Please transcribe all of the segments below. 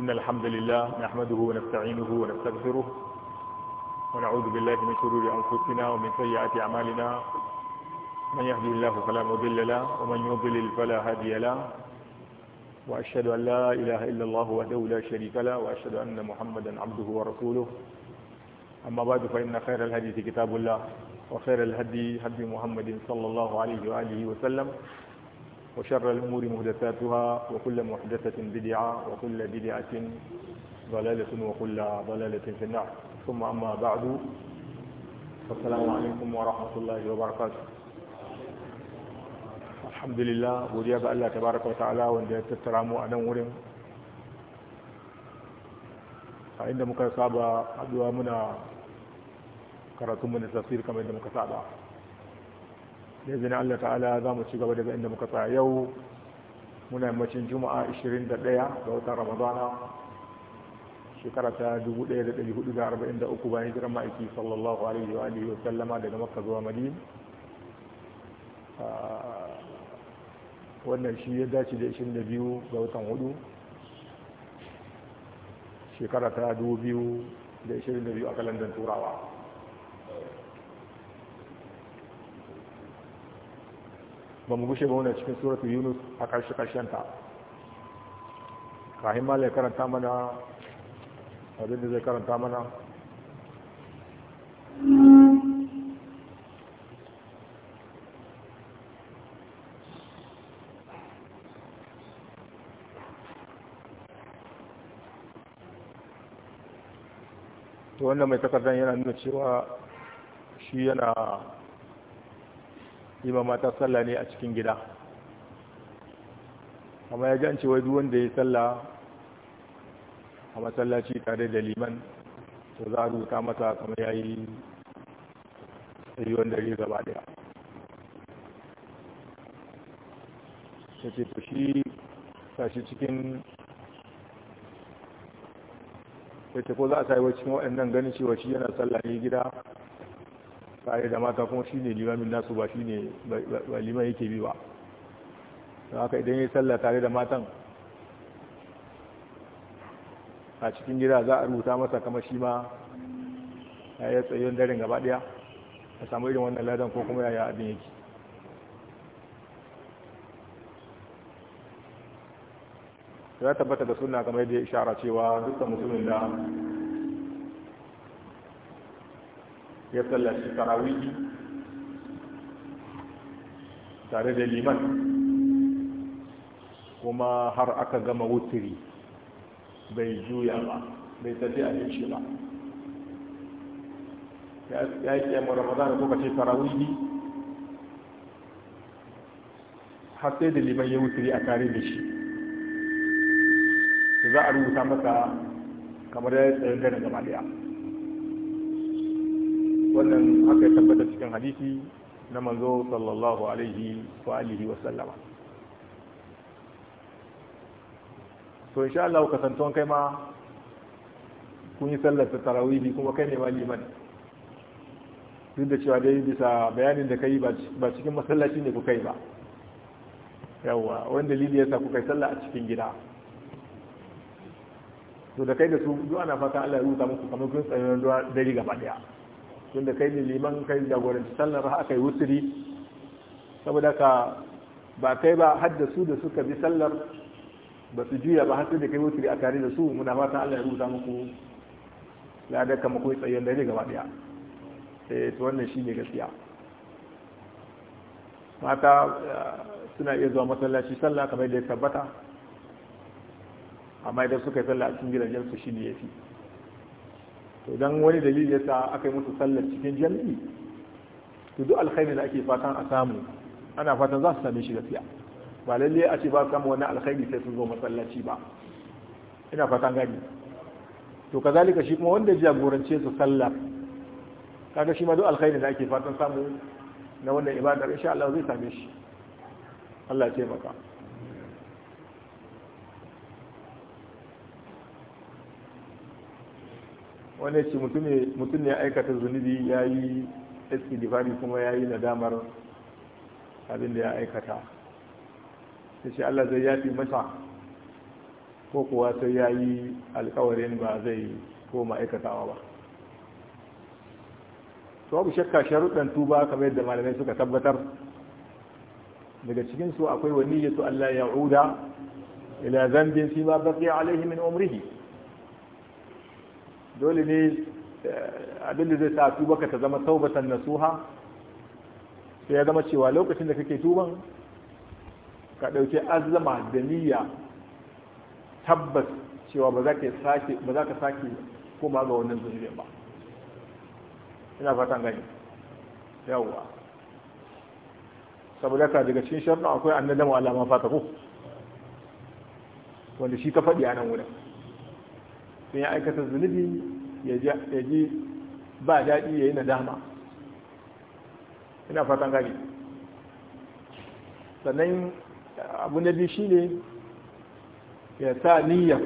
إن الحمد لله نحمده ونستعينه ونستغفره ونعوذ بالله من شرور أنفسنا ومن سيئات أعمالنا من يهدي الله فلا مضل له ومن يضلل فلا هادي له وأشهد أن لا إله إلا الله وحده لا شريك له وأشهد أن محمدا عبده ورسوله أما بعد فإن خير الهدي كتاب الله وخير الهدي هدي محمد صلى الله عليه وآله وسلم وشر الأمور مهدثاتها وكل محدثة بدعة وكل بدعة ضلالة وكل ضلالة في النار ثم أما بعد السلام عليكم ورحمة الله وبركاته الحمد لله وديب الله تبارك وتعالى وانجل تترام وانور عندما كان صعب أدوامنا كرتم من التفسير كما عندما كان da izinin Allah ta'ala za mu ci gaba daga inda muka tsaya yau muna yammacin juma'a 21 ga watan ramadana shekara ta 1443 bayan jiran ma'aiki sallallahu alaihi wa alihi wa sallama daga makka zuwa madina ah, wannan shi ya dace da 22 ga watan hudu shekara ta 2022 a kalandar turawa ba mu gushe ba wani cikin suratu yunus a ƙarshe ƙarshenta kahin ma karanta mana abin da zai karanta mana to wanda mai takardar yana nuna cewa shi yana yi ba mata sallah ne a cikin gida amma ya ji an duk wanda ya sallah a masallaci tare da liman to za a rubuta masa kamar ya yi tsayuwan dare gaba daya ta ce to shi sashi cikin ya ce ko za a sa cikin waɗannan ganin cewa shi yana sallah ne gida tare da mata kuma shi ne limamin nasu ba shi ne ba liman yake bi ba don haka idan ya sallah tare da matan a cikin gida za a rubuta masa kama shi ma ya yi tsayon darin gaba daya a samu irin wannan ladan ko kuma yaya abin yake ya tabbata da suna kamar da ya ishara cewa dukkan musulun da ya tsallaci tarawihi tare da liman kuma har aka gama wutiri bai juya ba bai tafi abinci ba ya yi kyamun da ko kace tarawihi har sai da liman ya wutiri a tare da shi za a rubuta masa kamar ya tsayin gane gama daya wannan aka tabbata cikin hadisi na manzo sallallahu alaihi wa alihi wa sallama so insha Allah ka santon kai ma kun yi sallar ta tarawihi kuma kai ne ma duk da cewa dai bisa bayanin da kai ba cikin masallaci ne ku kai ba yawa wani dalili yasa ku kai sallah a cikin gida to da kai da su duk ana fata Allah ya rubuta muku kamar kun tsayuwar dare gaba daya tunda kai ne liman kai jagoranci sallar aka yi wuturi saboda ka ba kai ba haddasu da suka bi sallar ba su juya ba har da kai wuturi a tare da su muna fata Allah ya rubuta muku ladar kama kuma tsayen dare gaba daya sai eh, to wannan shi ne gaskiya mata eh, suna iya zuwa masallaci sallah kamar da ya tabbata amma idan suka yi sallah a cikin gidajen su shi ne ya fi to dan wani dalili yasa aka yi musu sallar cikin jami'i to duk alkhairi da ake fatan a samu ana fatan za su same shi gaskiya ba lalle a ce ba samu wani alkhairi sai sun zo masallaci ba ina fatan gani to kazalika shi kuma wanda gorance su sallar kaga shi ma duk alkhairi da ake fatan samu na wannan ibadar insha Allah zai same shi Allah ya taimaka wani ce mutum ne aikata zunubi ya yi iskidifari kuma ya yi nadamar abin da ya aikata ta ce allah zai yafi masa ko kuwa sai ya yi alkawarin ba zai koma aikatawa ba to abu shakka sharuɗan tuba kamar yadda malamai suka tabbatar daga cikinsu akwai wani yato allah ya uda ila zambin fi ma baqiya alaihi min umrihi dole ne eh, abin da zai sa tubarka ta zama taubatan nasuha sai ya zama cewa lokacin da kake tuban ka ɗauki azama da niyya tabbas cewa ba za ka sake koma ga wannan zunubin ba ina fatan gani yawwa saboda ka daga cikin sharɗin akwai annadamu alama fata ko wanda shi ka faɗi a nan wurin sai ya aikata zunubi ya ji ba daɗi ya yi na dama ina fatan gani sannan abu na biyu shi ne ya sa niyya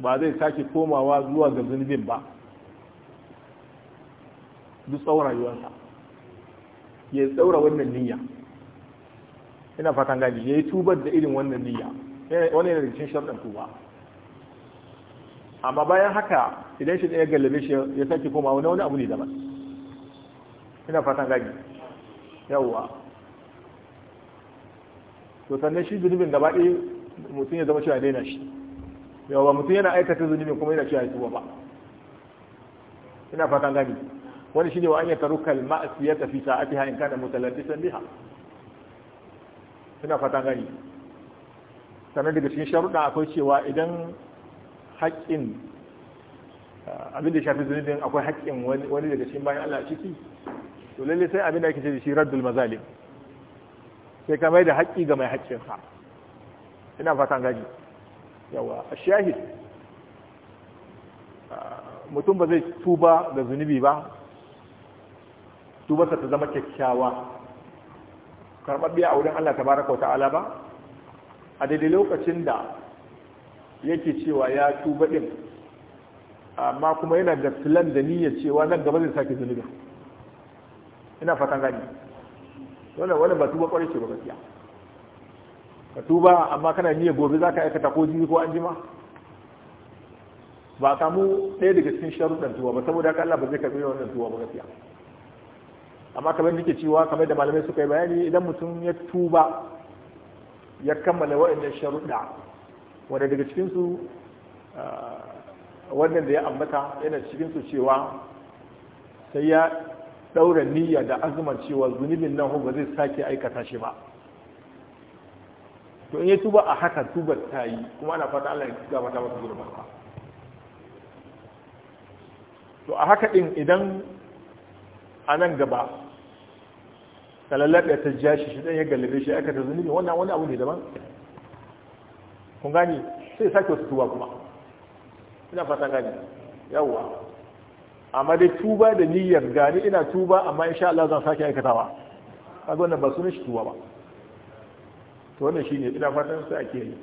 ba zai sake komawa zuwa ga zunubin ba duk tsawon rayuwarsa ya tsawara wannan niyya ina fatan gani ya yi tubar da irin wannan niyya wani yana da cikin sharɗin tuba amma bayan haka idan shi ɗaya gallabe shi ya sake koma wani wani abu ne daban ina fatan gani yawwa to sannan shi zunubin da baɗi mutum ya zama cewa daina shi yawwa mutum yana aikata zunubin kuma yana cewa ya tuba ba ina fatan gani wani shi ne wa an yi ya tafi masiyata fi hain in mutalarci san biha ina fatan gagi sannan daga cikin sharuɗa akwai cewa idan haƙƙin ah, abin da shafi zunubin akwai haƙƙin wani daga cikin bayan Allah ciki to lalle sai abin da ake ce da shi raddul mazalim sai ka mai da haƙƙi ga mai haƙƙin sa ina fatan gaji yawa a shahid ah, mutum ba zai tuba da zunubi ba tubarsa ta zama kyakkyawa karɓaɓɓiya a wurin Allah tabaraka wa ta'ala ba a daidai lokacin da yake cewa ya tuba din amma kuma yana da filan da niyyar cewa nan gaba zai sake zunubi ina fatan gani wannan Wani ba tuba kwarai ce ba gaskiya ka tuba amma kana niyyar gobe za ka aikata ko jini ko an jima ba samu ɗaya daga cikin sharuɗan tuwa ba saboda haka Allah ba zai karɓi wannan tuwa ba gaskiya amma kamar nake cewa kamar da malamai suka yi bayani idan mutum ya tuba ya kammala waɗannan sharuɗa wanda daga cikinsu wannan da ya ambata yana cikinsu cewa sai ya ɗaura niyya da azuman cewa zunubin nan ba zai sake aikata shi ba to in ya tuba a haka tuba ta yi kuma ana fata Allah ya ta masa gurbin ba to a haka din idan a nan gaba talalar da ta jashi shi ɗan ya galibe shi aikata ta zunubi wannan wani abu ne daban kungani sai sake wasu tuba kuma ina fata gani yawwa amma dai tuba da niyyar gani ina tuba amma insha Allah zan sake aikatawa kaga wannan ba sunan shi tuba ba to wannan shine ina fatan sai ake yi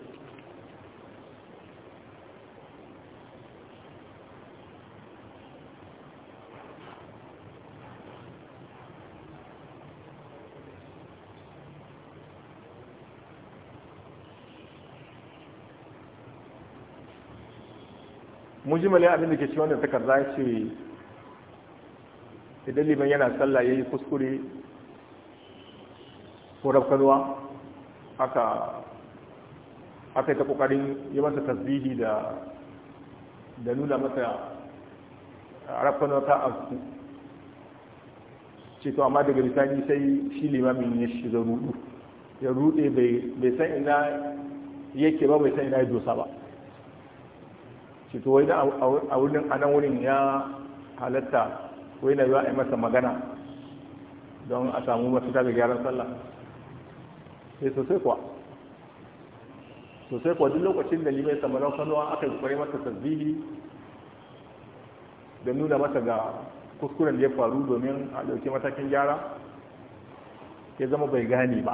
ya abin da ke cikin wannan takarda ya ce idan liman yana sallah ya yi kuskure ko rafkanuwa aka aka yi ta kokarin yi masa tasbihi da da nuna masa rafkanuwa ta asu. ce to amma daga bisani sai shi limamin ya shiga rudu ya rude bai san ina yake ba bai san ina ya dosa ba shi to wai a wurin anan wurin ya halatta wai na yiwa a yi masa magana don a samu masu ga gyaran sallah sai eh, sosai kuwa sosai kuwa duk lokacin da limai samarau kanuwa aka yi kware masa tasbihi da nuna masa ga kuskuren da ya faru domin a ɗauki matakin gyara ya zama bai gane ba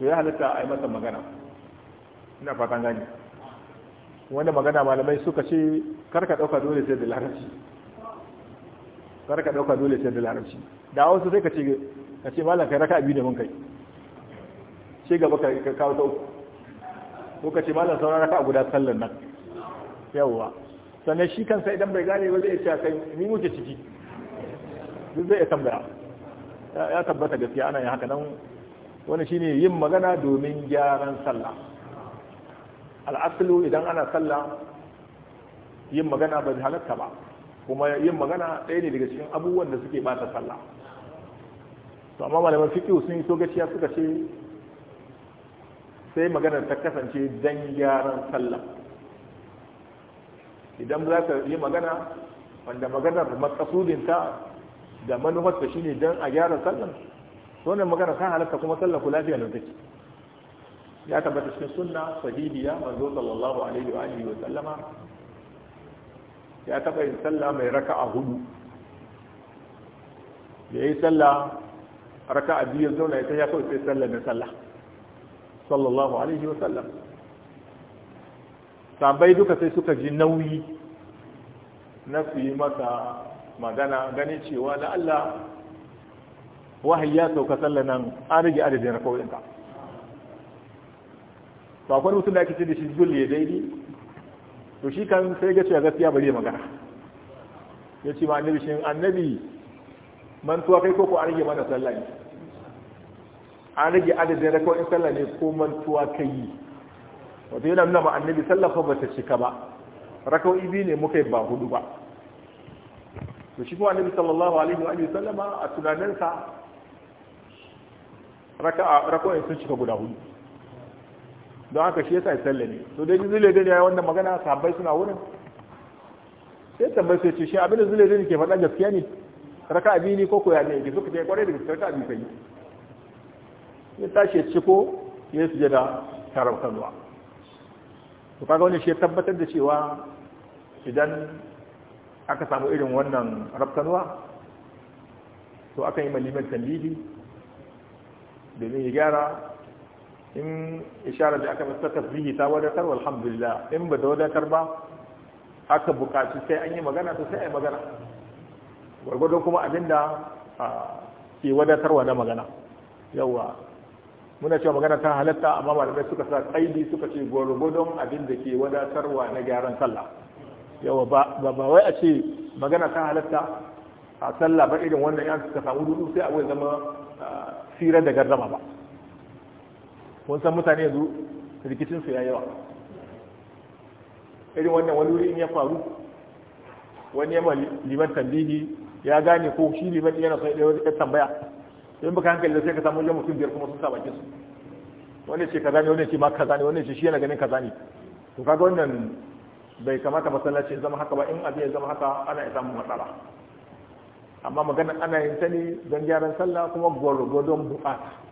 to ya halitta a yi masa magana ina fatan gani wanda magana malamai suka ce karka dauka dole sai da larabci karka dauka dole sai da larabci da wasu sai ka ce ka ce malam kai raka biyu da mun kai ce gaba ka kawo ta uku ko ka ce malam sauran raka guda sallan nan yawwa sannan shi kansa idan bai gane ba zai ce kai ni muke ciki duk zai tambaya ya tabbata gaskiya ana yin haka nan wani shine yin magana domin gyaran sallah al'asalu idan ana sallah yin magana ba halatta ba kuma yin magana ɗaya ne daga cikin abubuwan da suke bata sallah to amma malaman fiki sun yi togaciya suka ce sai maganar ta kasance dan gyaran sallah idan za ka yi magana wanda maganar matsasudinta da manufarta ne dan a gyara sallah to magana ta halatta kuma sallah ku lafiya na take ya tabbata cikin sunna sahihiya manzo sallallahu alaihi wa alihi wa sallama ya taba yin sallah mai raka'a hudu da yayi sallah raka'a biyu zauna ita ya kawo sai sallah na sallah sallallahu alaihi wa sallam sabai duka sai suka ji nauyi na su yi masa magana gani cewa da Allah wahayi ya sauka sallah nan an rage adadin rakawoyinka to akwai mutum da ake ce da shi zul ya daidai to shi kan sai ga cewa gaskiya bari ya magana ya ce ma annabi shi annabi man tuwa kai ko an rage mana sallah ne an rage adadin rakawar sallah ne ko tuwa kai yi wato yana nuna ma annabi sallah ba bata cika ba rakawar ibi ne muka yi ba hudu ba to shi kuma annabi sallallahu alaihi wa sallama a tunaninsa raka'a rakawar sun cika guda hudu don haka shi yasa ya sallame to dai zule da yayi wannan magana sahabbai suna wurin sai tambayi sai ce shi abin da zule da ke faɗa gaskiya ne raka abi ne ko ko ya ne ke suka ce kware da gaskiya raka abi kai ya tashi ya ciko ya sujada tarar kalwa to kaga wannan shi ya tabbatar da cewa idan aka samu irin wannan rabtanwa to aka yi malimin tambihi domin ya gyara in isharar da aka ta tasbihi ta wadatar walhamdulillah in ba da wadatar ba aka bukaci sai an yi magana to sai a yi magana gwargwado kuma abinda ke wadatarwa na magana yawwa muna cewa magana ta halatta amma malamai suka sa kaidi suka ce gwargwadon da ke wadatarwa na gyaran sallah yawa ba ba wai a ce magana ta halatta a sallah ba irin wannan yan suka samu dudu sai a wai zama sirar da gardama ba kun san mutane yanzu rikicinsu ya yawa irin wannan wani wuri in ya faru wani yamma liman tambihi ya gane ko shi liman yana son da wani tambaya in baka hankali da sai ka samu mutum biyar kuma sun sa su wani ce kaza ne wani ce ma kaza ne wani ce shi yana ganin kaza ne to kaga wannan bai kamata masallaci zama haka ba in abin ya zama haka ana ya samu matsala amma magana ana yin ta ne don gyaran sallah kuma gwargwadon buƙata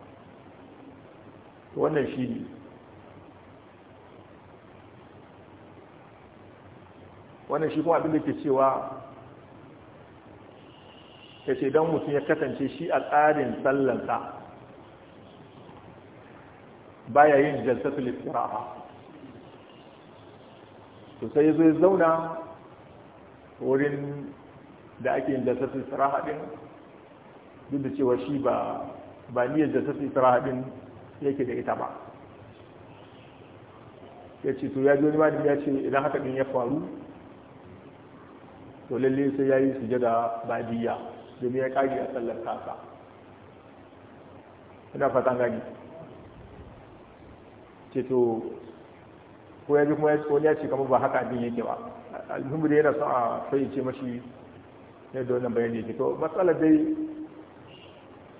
wannan shi ne wannan shi kuma abinda ke cewa ya ce don mutum ya kasance shi a tsarin sallansa baya yin jalsatul istiraha to sai zai zauna wurin da ake yin jalsatul istiraha din duk da cewa shi ba ba niyyar jalsatul istiraha din yake da ita ba ya ce to ya ji wani malami ya ce idan haka din ya faru to lalle sai ya yi su jada badiya domin ya kage a sallar kasa ina fatan gani ce to ko ya ji kuma ya tsoni ya ce kamar ba haka abin yake ba alhamdu da yana son a sai ce mashi da wannan bayani yake to matsalar dai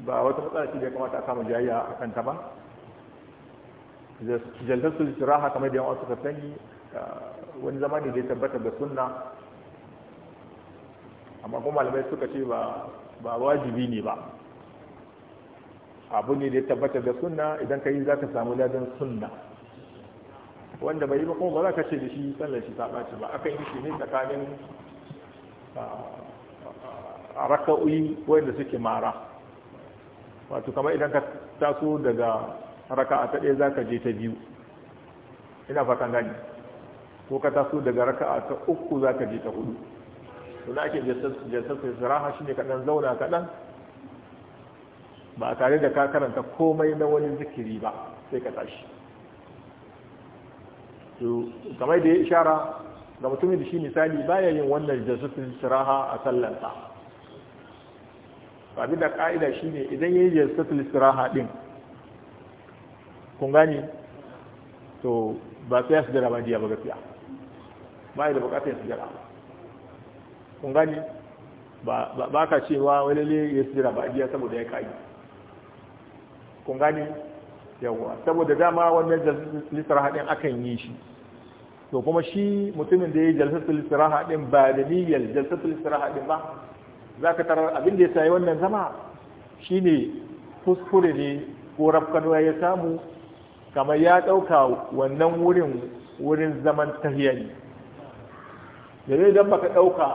ba wata matsala ce da ya kamata a kama jayya a kanta ba jaltasul istiraha kamar da yawan suka sani ah, wani zama ne da ya tabbata da sunna amma kuma malamai suka ce ba wajibi ne ba abu ne da ya tabbata da sunna idan ka yi za ka samu ladan sunna wanda bai yi ba ba za ka ce da shi sallar shi ta ba aka yi shi ne tsakanin a ah, ah, raka'uyi wanda suke mara wato kamar idan ka taso daga raka'a ta ɗaya za ka je ta biyu ina fatan gani ko ka taso daga raka'a ta uku za ka je ta hudu suna ake ake jasar siraha shine ne kaɗan zauna kaɗan ba tare da ka karanta komai na wani zikiri ba sai ka tashi kamar da ya ishara ga mutumin da shi misali baya yin wannan jasar siraha a ba bi da ka'ida shine idan yi jasar siraha ɗin. kun gani to ba sai su jira ba diya ba gaskiya ba da bukatar su jira kun gani ba ka cewa wani ne ya su jira ba diya saboda ya kayi kun gani yawa saboda dama wannan jalisar haɗin akan yi shi to kuma shi mutumin da ya yi jalsatul istiraha din ba da niyyar jalsatul istiraha din ba Za ka tarar abin da ya sayi wannan zama shine kuskure ne ko rafkanuwa ya samu kamar ya ɗauka wannan wurin wurin zaman tahiya ne yanzu idan baka ɗauka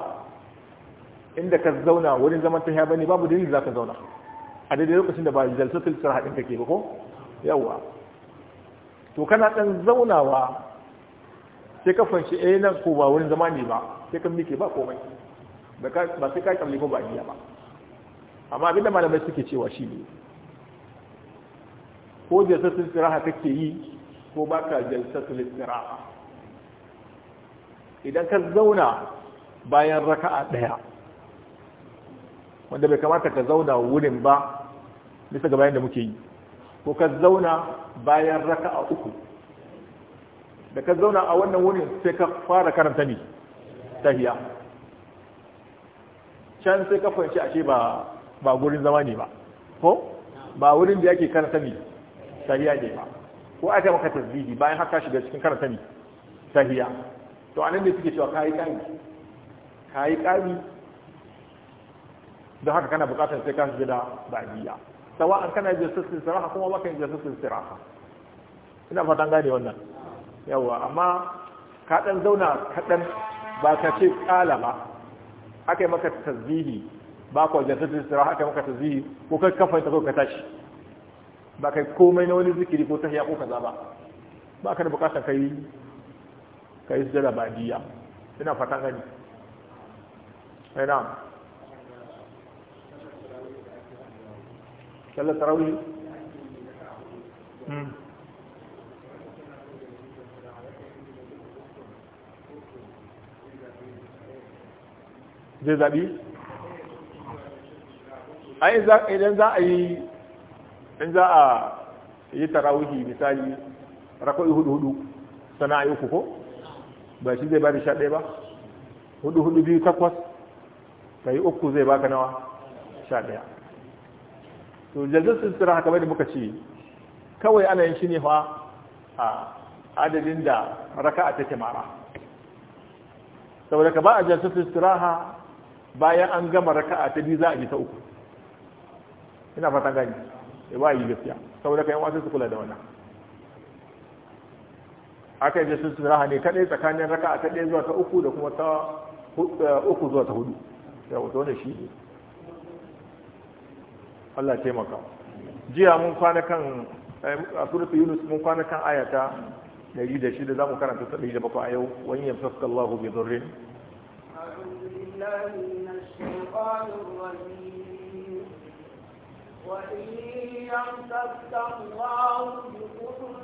inda ka zauna wurin zaman ba bane babu dalili za ka zauna a daidai lokacin da ba jalsatul sarha haɗin kake ba ko yawa to kana ɗan zaunawa sai ka fanshi eh nan ko ba wurin zama ne ba sai ka mike ba komai ba sai ka kalli ko ba iya ba amma abinda malamai suke cewa shi ne ko jalsatul istiraha kake yi ko baka jalsatul istiraha idan ka zauna bayan raka'a daya wanda bai kamata ka zauna wurin ba bisa ga bayan da muke yi ko ka zauna bayan raka'a uku da ka zauna a wannan wurin sai ka fara karanta ne tahiya can sai ka fahimci ashe ba ba gurin zama ne ba ko ba wurin da yake karanta ne Sahiya ne ba ko aka maka tasbihi bayan haka shiga cikin karanta ne to anan ne suke cewa kai kai kai kai don haka kana bukatar sai ka shiga ba'diya an kana jinsa siraha kuma baka jinsa siraha ina fatan gane wannan yawa amma ka dan zauna kaɗan ba ka ce kala ba aka maka tasbihi ba ku jinsa siraha aka maka tasbihi ko kai kafa ta ko ka tashi ba kai komai na wani zikiri ko ta hiya ko kaza ba ba ka da bukata kai kai sujada ba diya ina fata gani ai eh, na sallar tarawih hmm. zai ai idan za a yi in za a yi tarawihi misali rakwai hudu hudu yi uku ko ba shi zai ba da sha ɗaya ba hudu hudu biyu takwas ka yi uku zai baka nawa sha ɗaya to sun tsira haka bai da muka ce kawai ana yin shi ne fa a adadin da raka a take mara saboda ka ba a jalzar sintira bayan an gama raka a ta biyu za a ji ta uku ina fata gani Eh, ba yi gaskiya saboda kayan wasu su kula da wannan aka yi sun raha ne kadai tsakanin raka a ɗaya zuwa ta uku da kuma ta eh, uku zuwa ta hudu ya wato wanda shi ne Allah taimaka jiya mun kwana kan eh, a suratu yunus mun kwana kan ayata 106 za mu karanta ta 107 a yau wani yamsaka Allahu bai zurri أعوذ وإن يمسك الله بضر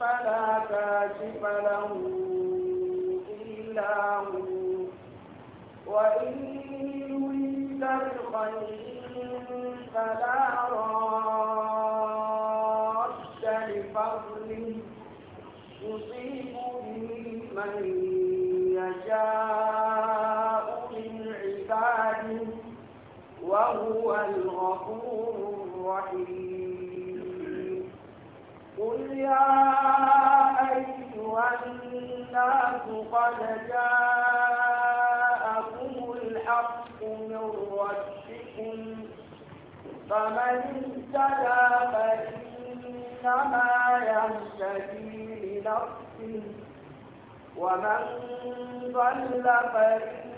فلا كاشف له إلا هو وإن يريد الخير فلا راد لفضله يصيب به من يشاء وهو الغفور الرحيم قل يا أيها الناس قد جاءكم الحق من ربكم فمن اهتدى فإنما يهتدي لنفسه ومن ضل فإنما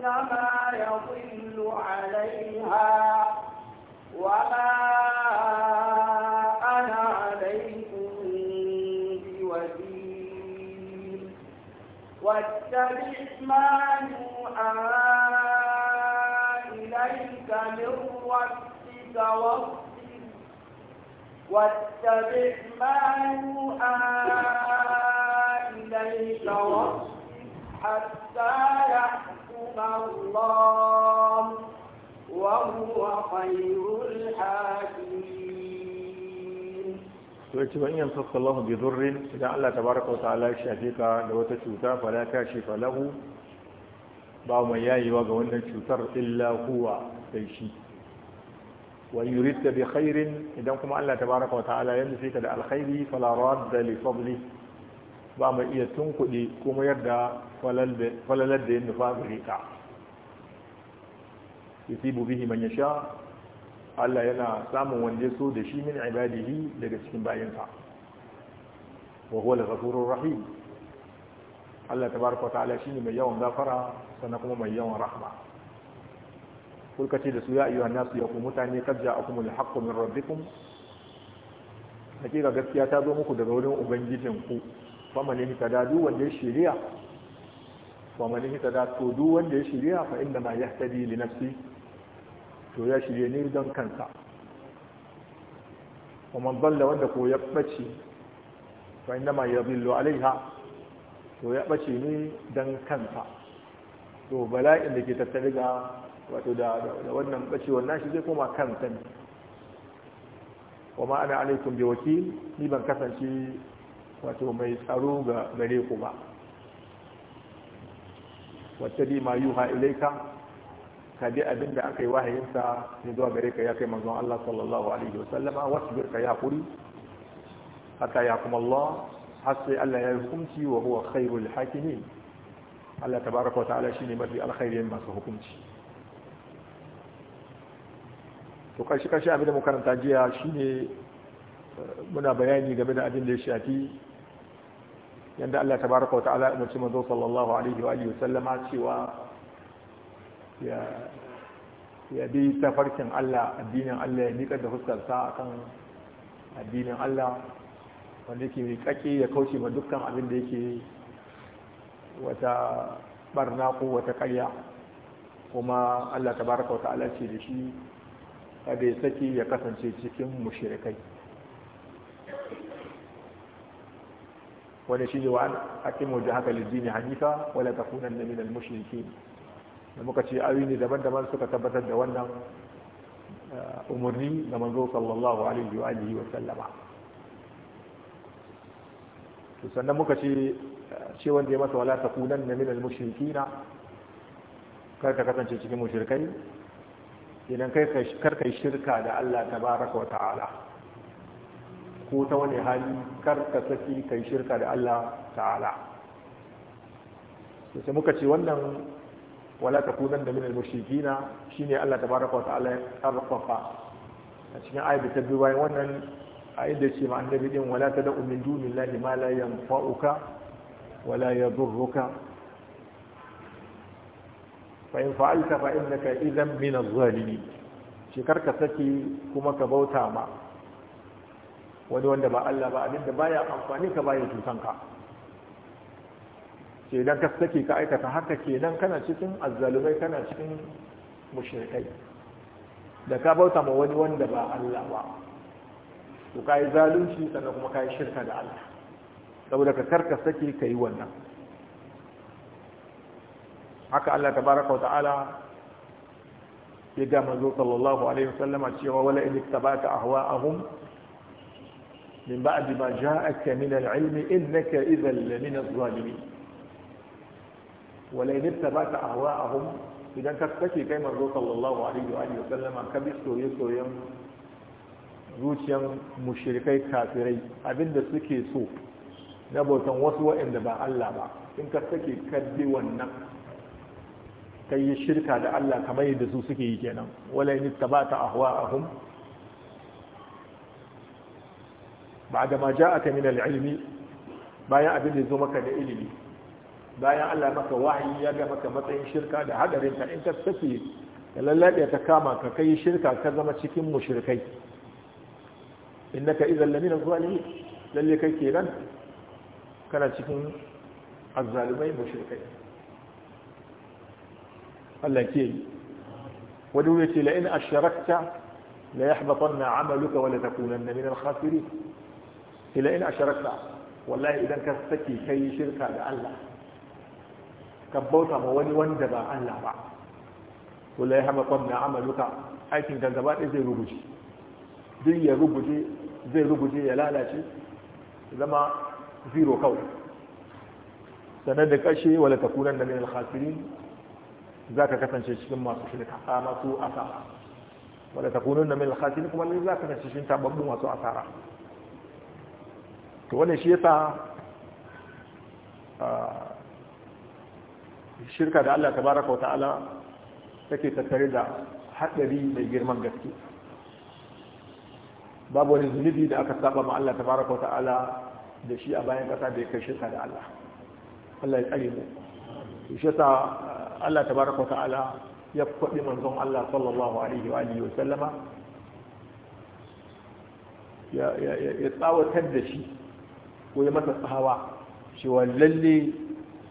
إنما يضل عليها وما أنا عليكم بوزير واتبع ما يوحى إليك من ربك واصبر واتبع ما يوحى إليك واصبر حتى يعلم الله وهو خير الحاكمين ويتي وإن يمسك الله بضر إذا الله تبارك وتعالى يشافيك لو تشوتا فلا كاشف له ba mai yayewa ga wannan cutar illa huwa sai shi wa yuridka idan kuma Allah tabaraka wa ta'ala ya nufi ka da alkhairi fala radda li ba mai iya tun kuɗi kuma yadda falalar da ya nufa gare ka yusibu bihi man yasha Allah yana samun wanda so da shi min ibadihi daga cikin bayinsa wa huwa al-ghafurur rahim Allah tabaraka wa ta'ala shine mai yawan gafara Sana kuma mai yawan rahma kulka ce da su ya ayyuhan nasu ya ku mutane kad ja'akumul haqqu min rabbikum hakika gaskiya ta zo muku daga wurin ubangijin ku faman ihtada duk wanda ya shiriya faman ihtada to duk wanda ya shiriya fa inda ma yahtadi li nafsi to ya shirye ne don kansa kuma balla wanda ko ya bace fa inda ma yadhillu alaiha to ya bace ne don kansa to bala'in da ke tattare ga wato da wannan bacewar nashi zai koma kansa ne wa ma ana alaikum bi wakil ni ban kasance wato mai tsaro ga gare ku ba wata ne ma yuha ilaika ka bi abin da aka yi wahayinsa ne zuwa gare ka ya kai manzon Allah sallallahu alaihi Wasallama. Wasu birka ya kuri haka ya kuma Allah har Allah ya hukunci wa huwa khairul hakimi Allah tabaraka wa ta'ala shine mafi alkhairin masu hukunci to kashi kashi abin da mu karanta jiya shine eh, muna bayani game da abin da ya shafi Yadda Allah ta baraka wa ta'ala umarci manzo sallallahu alaihi wa alihi wa sallama cewa ya ya bi tafarkin Allah addinin Allah ya miƙa da fuskarsa akan addinin Allah wanda yake tsaki ya kauce ma dukkan abin da yake wata ɓarna ko wata ƙarya kuma Allah ta baraka wa ta'ala ce da shi kada ya saki ya kasance cikin mushrikai Wani shi ne wa an aqimu wajhaka haka din hanifa wala takunanna min al-mushrikeen da muka ce ayoyi ne daban-daban suka tabbatar da wannan uh, umarni da manzo sallallahu alaihi wa alihi wa sallama to sannan muka ce uh, ce wanda ya masa wala takunanna min al-mushrikeen kar ka kasance cikin mushrikai idan kai kar kai shirka da Allah tabaraka wa ta'ala ko ta wani hali karka saki kai shirka da Allah ta'ala sai muka ce wannan wala takunan da minal mushrikina shine Allah baraka wa ta'ala ya karfafa a cikin ayat ta biyu bayan wannan ayat da ce ma annabi din wala tad'u min dunillahi ma la fauka wala yadurruka fa in fa'alta fa innaka idhan min adh-dhalimin shi ka saki kuma ka bauta ma wani wanda ba Allah ba abinda baya amfani ka baya cutan ka ke dan ka sake ka aikata haka kenan kana cikin azzalumai kana cikin mushrikai da ka bauta ma wani wanda ba Allah ba to kai zalunci sannan kuma kai shirka da Allah saboda ka karka sake kai wannan haka Allah tabaraka wa ta'ala ya ga manzo sallallahu alaihi wasallama cewa wala in ittaba'ta ahwa'ahum من بعد ما جاءك من العلم إنك إذا لمن الظالمين ولئن اتبعت أهواءهم إذا تفتكي كما قال الله عليه وآله وسلم كبسوا يسوا zuciyar mushirikai kafirai abinda suke so na bautan wasu waɗanda ba Allah ba in ka sake kaddi wannan kai yi shirka da Allah kamar yadda su suke yi kenan wala ni tabata ba da ma ja'aka ilimi bayan abin da zo maka da ilimi bayan Allah maka wahayi ya ga maka matsayin shirka da hadarin ta in ka tafi da lallabe ta kama ka kai shirka ka zama cikin mushrikai innaka idan lamina zalimin lalle kai kenan kana cikin azzalimai mushrikai Allah ke yi wani wuri ce la'in asharakta la yahbatanna amaluka wa la takunanna min al-khasirin ila in asharakta wallahi idan ka sake kai shirka da Allah ka bauta ma wani wanda ba Allah ba wallahi hama kwamna amaluka aikin kan gaba ɗaya zai rubuce duk ya rubuce zai rubuce ya lalace zama zero kawai sanar da kashe wala takunan da min al za ka kasance cikin masu shirka a masu asara wala takunan da min al-khasirin kuma ne ka kasance cikin tababbun masu asara to wane shi yasa shirka da Allah tabaraka wata'ala take tattare da haɗari mai girman gaske babu wani zunubi da aka saba ma Allah tabaraka wata'ala da shi a bayan ƙasa da ya kai shirka da Allah Allah ya tsare mu shi yasa Allah tabaraka wata'ala ya kwaɗi manzon Allah sallallahu alaihi wa alihi wa sallama ya tsawatar da shi ko ya masa tsawa cewa lalle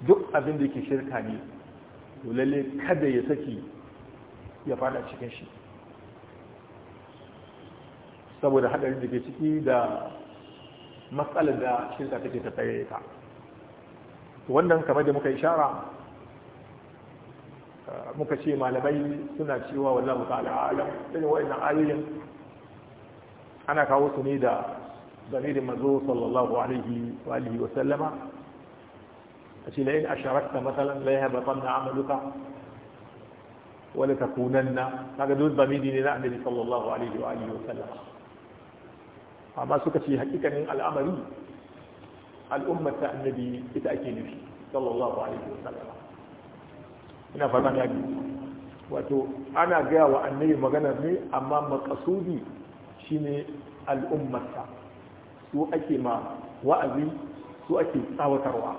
duk abin da ke shirka ne to lalle kada ya saki ya fada cikin shi saboda hadarin da ke ciki da matsalar da shirka take ta tsaye ta wannan kamar da muka ishara eh, muka ce malamai suna cewa wallahu ta'ala alam irin wannan ayoyin ana kawo su ne da ضمير مدرور صلى الله عليه وآله وسلم أشي لئن أشركت مثلا لا يهبطن عملك ولتكونن هذا دون ضمير لنعمل صلى الله عليه وآله وسلم فما سوك شي حقيقة من الأمر الأمة النبي بتأكين فيه صلى الله عليه وسلم ina fata ne ake wato ana gaya wa annabi magana ne amma su ake ma wa'azi su ake tsawatarwa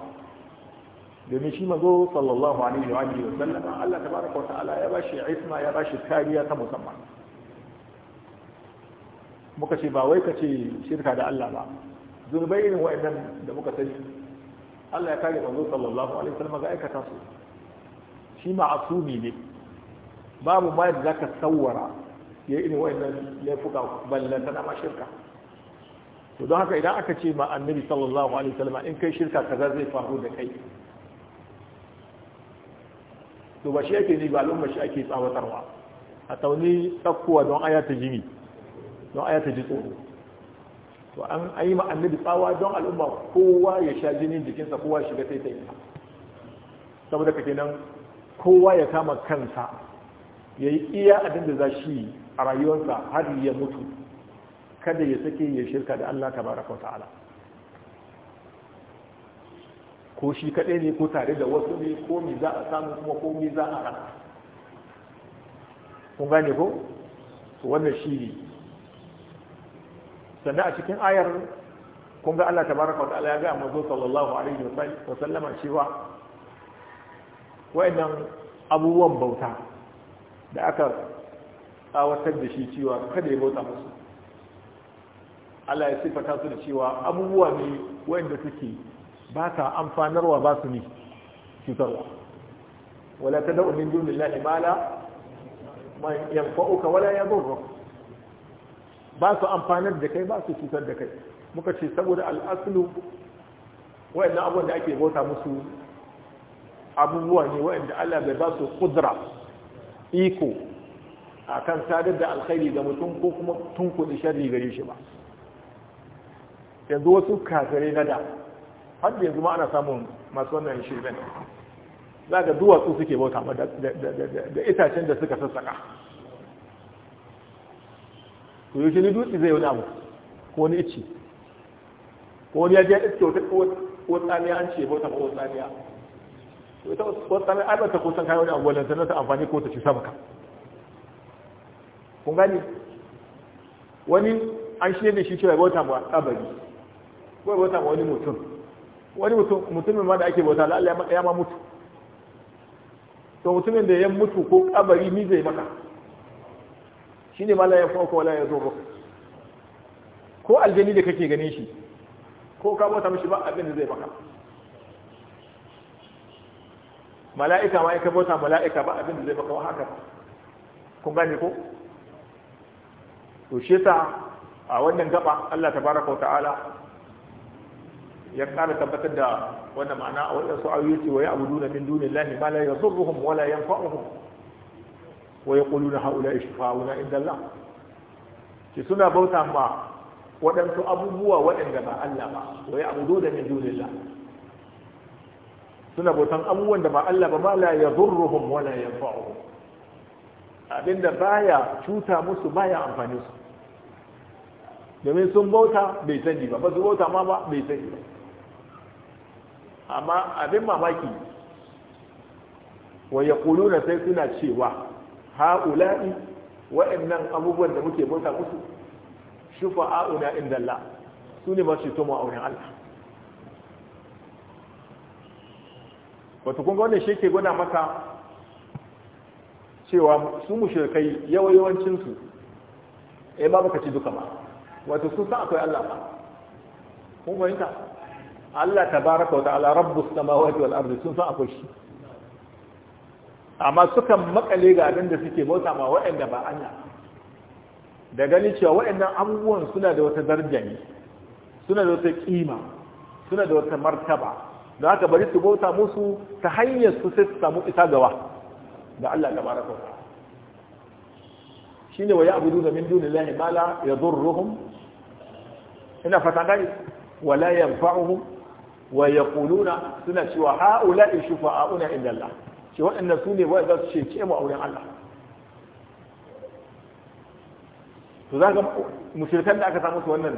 domin shi mazo sallallahu alaihi wa alihi wasallam Allah tabaraka wa ta'ala ya bashi isma ya bashi kariya ta musamman muka ce ba wai kace shirka da Allah ba zunubai irin wa'annan da muka sani Allah ya kare manzo sallallahu alaihi wasallam ga aikata su shi ma asumi ne babu ma da zaka tsawara ya irin wa'annan laifuka ballanta na ma shirka to don haka idan aka ce ma annabi sallallahu alaihi wasallam in kai shirka kaza zai faru da kai to ba shi ake ni ba al'umma shi ake tsawatarwa a tauni tsakkuwa don aya ta jini don aya ji tsoro to an ayi ma annabi tsawa don al'umma kowa ya sha jinin jikinsa kowa ya shiga taitai saboda kake nan kowa ya kama kansa ya yi iya abin da za shi a rayuwarsa har ya mutu kada ya sake ya shirka da Allah tabaraka ta'ala ko shi kaɗai ne ko tare da wasu ne ko mi za a samu kuma ko mi za a rasa kun gane ko wannan shi ne sannan a cikin ayar kun ga Allah tabaraka wa ya ga mazo sallallahu alaihi wa sallama cewa wa'annan abubuwan bauta da aka tsawatar da shi cewa kada ya bauta musu Allah ya sifata su da cewa abubuwa ne wanda suke ba ta amfanarwa ba su ne cutarwa wala ta da'u min dunin lahi mala man yanfa'uka wala yadurru ba su amfanar da kai ba su cutar da kai muka ce saboda al'aslu wayannan abubuwan da ake bauta musu abubuwa ne wayanda Allah bai ba su kudura iko akan sadar da alkhairi ga mutum ko kuma tunkuɗe sharri gare shi ba yanzu wasu kafirai na da har yanzu ma ana samun masu wannan shirin za ga duwatsu suke bauta da itacen da suka sassaka yi shi ni dutse zai wani abu ko wani ici ko wani ya je iske wata tsamiya an ce bauta ko tsamiya to ita wata tsamiya ai bata kusan kayan wani abuwa lantarki ta amfani ko ta ci sama kun gani wani an shirya shi cewa bauta ba tsabari ko bauta ma wani mutum wani mutum mutumin ma da ake bauta la ya ma mutu to mutumin da ya mutu ko kabari ni zai maka Shi ma la ya fauka wala ya ba. ko aljani da kake ganin shi ko ka bauta mishi ba abin da zai maka mala'ika ma ka bauta mala'ika ba abin da zai maka haka kun gane ko to shi ta a wannan gaba Allah tabaraka wa ta'ala ya kara tabbatar da wannan ma'ana a wadansu ayoyi ce wa na min lahi ma la yasurruhum wa la yanfa'uhum wa yaquluna haula ishfa'una inda Allah ki suna bauta ma waɗansu abubuwa waɗanda ba Allah ba wa da min lahi, suna bautan abubuwan da ba Allah ba ma la yasurruhum wa la yanfa'uhum abinda baya cuta musu baya amfani su domin sun bauta bai sani ba ba su bauta ma ba bai sani ba amma abin mamaki wa ya na sai suna cewa ha'ula'i wa'annan abubuwan da muke bauta musu shufa'a'una inda Allah su ne masu tomo a wurin Allah wata kunga wannan shi ke gwada maka cewa su mushirkai yawancinsu, ya eh, ba baka ci duka ba wata sun sa akwai Allah ba kun fahimta Allah tabaraka wa ta'ala rabbus samawati wal ardi sun san akwai shi amma sukan makale ga abin da suke bauta ma waɗanda ba Allah da gani cewa waɗannan abubuwan suna da wata daraja ne suna da wata kima suna da wata martaba da haka bari su bauta musu ta hanyar su sai su samu isa gawa da Allah tabaraka wa ta'ala shine wa ya'buduna min dunillahi ma la yadurruhum ina fata gani wala yanfa'uhum wa yaquluna suna cewa a una inda Allah shi waɗannan su ne wanda su ce ce mu wurin Allah to za ga mushrikan da aka samu su wannan